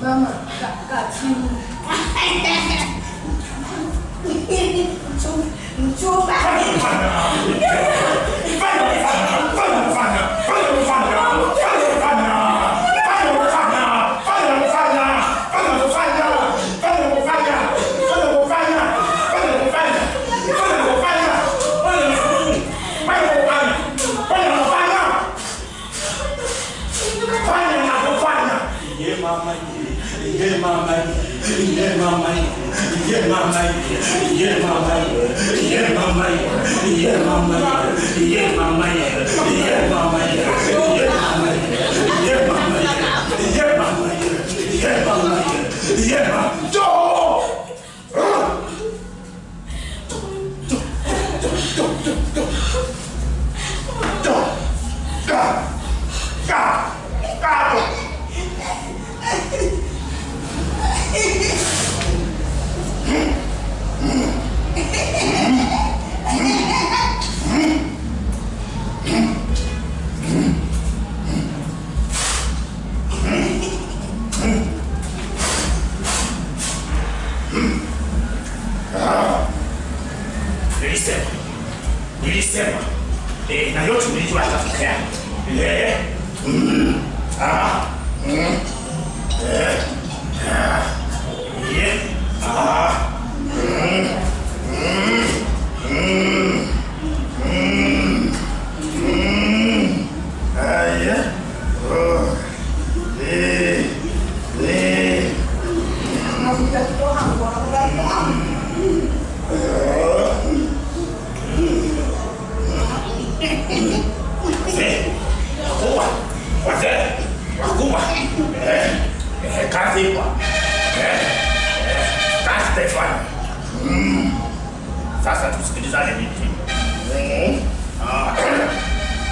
妈妈，干干青。哈哈哈哈哈，yeah, mama, yeah, yeah, mama, yeah, yeah, mama, yeah, yeah, mama.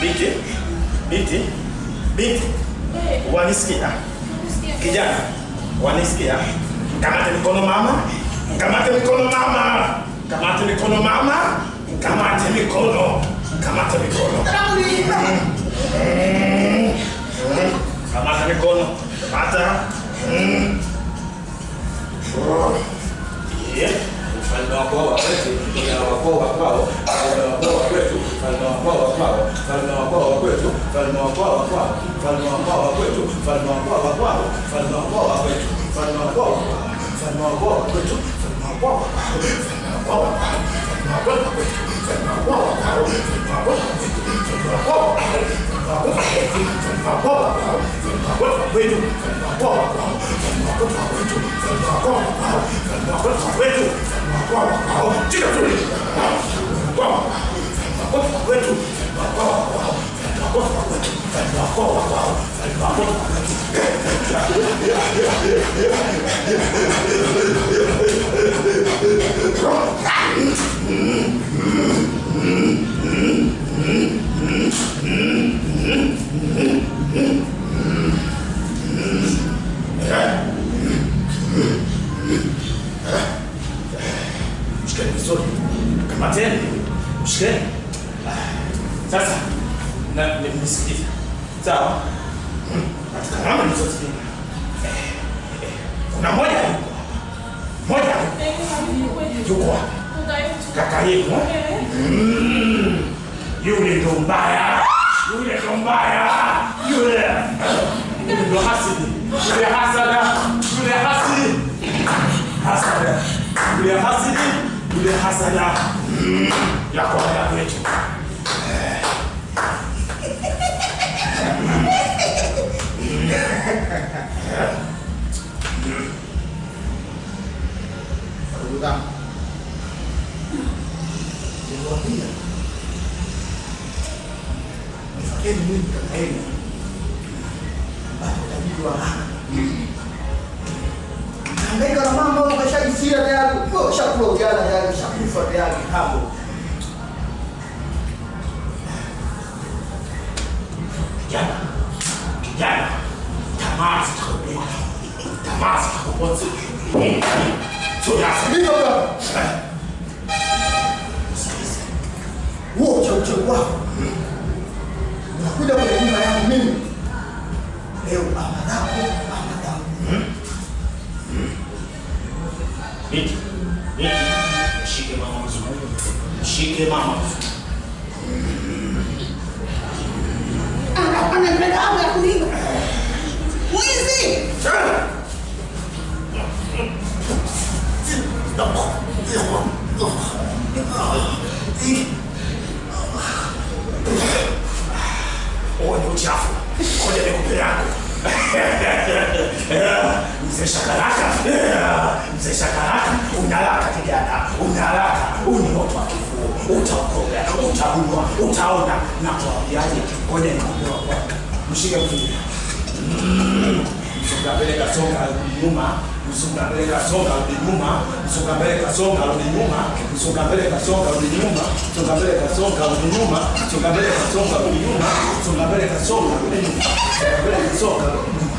Binti, binti, binti, wanisikia? Kijana, wanisikia? Kamate mikono mama, kamate mikono mama, kamate mikono mama, kamate mikono, kamate mikono. Farmagua Baguao, Farmagua Betu, Farmagua, Farmagua Betu, Farmagua, Farmagua, Farmagua Betu, Farmagua, Farmagua Betu, Farmagua, Farmagua Betu, Farmagua, Farmagua Betu, Farmagua, Farmagua Betu, Farmagua, Farmagua Betu, Farmagua, Jika tu, Farmagua, Farmagua Betu, Farmagua, Farmagua Betu, Farmagua, Farmagua Stell dich zurück. Komm mal her. Schnell. Sasa. Na, nimm das Lied. Ciao. katika alama nilizozipima kuna moja yuko moja yuko hapa kaka yenu eh? hmm. yule ndo mbaya yule ndo mbaya yule ndo hasidi yule hasada yule hasidi hasada yule hasidi yule hasada hmm. yako haya kwetu lugar. Eu morria. Mas fiquei é muito ele. Né? huo ucheche wako unakuja kwenye nyumba yangu mimi leo, baba zako ama damu. Miti miti, mshike mama mzuri, mshike mama mzuri. Anafanya mbele yangu ya kulinda mwizi. Oh. uchafu koja mikupe yangu mzee shakaraka mzee shakaraka unalaka kijana unalaka wa kifuo utaokoga utaumwa utaona na tuambiaje koja nikupewa kwa mshike mfia mm. usukuqabeleka songalo linyuma usukuqabeleka songalo linyuma usukuqabeleka songalo linyuma usukuqabeleka songalo linyuma usukuqabeleka songalo linyuma usukuqabeleka sou linyuma usukuqabeleka songalo linyuma usukuqabeleka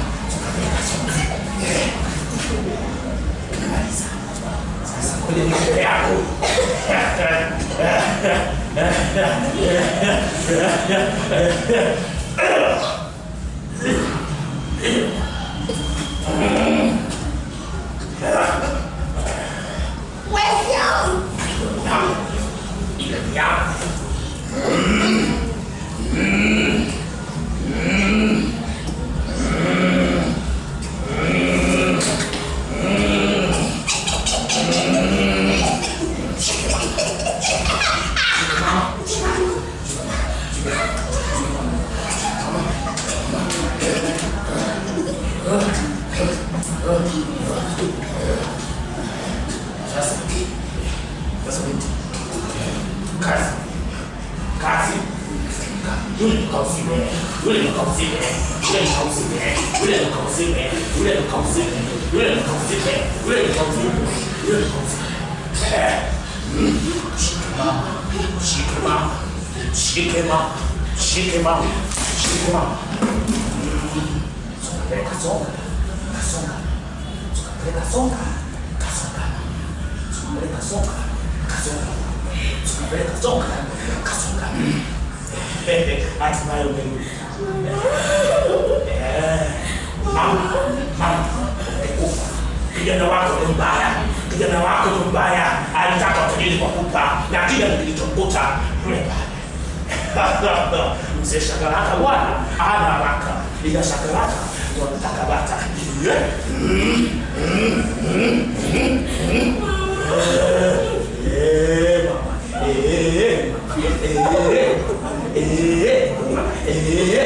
songalo linyuma usukuqabeleka songalo linyuma Yeah. Yeah. するね裏の顔するね裏の顔するね裏の顔するね裏の顔するねシケマシケマシケマシケマシケマそれでカソンカソンそれでカソンカソンカそれでカソンカソンカそれでカソンカソンカ集まる mama mama amekufa kijana wako ni mbaya kijana wako ni mbaya alitaka tajiri kwa kupa na kile kilichomkuta yule pale mzee shakaraka bwana ana haraka ila shakaraka wanataka bata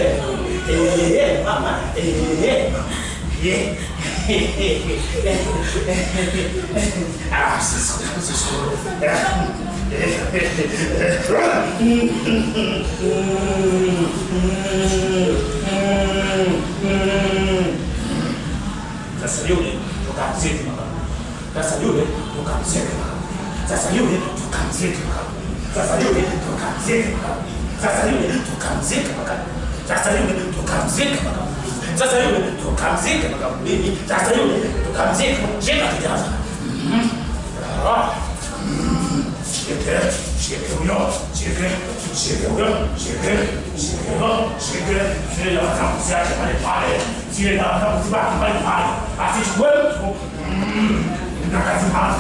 mama É, mamá. É, é. Ah, vocês estão. Hum, hum, hum, hum. Зацарю, то как зелье, пока бери, зацарю, то как зелье, зелье ты делаешь. Да. Шекер, шекер у него, шекер, шекер у него, шекер, шекер у него, шекер, шекер, там вся эта пали, шекер, там вся эта пали, а ты чего? Накатывай.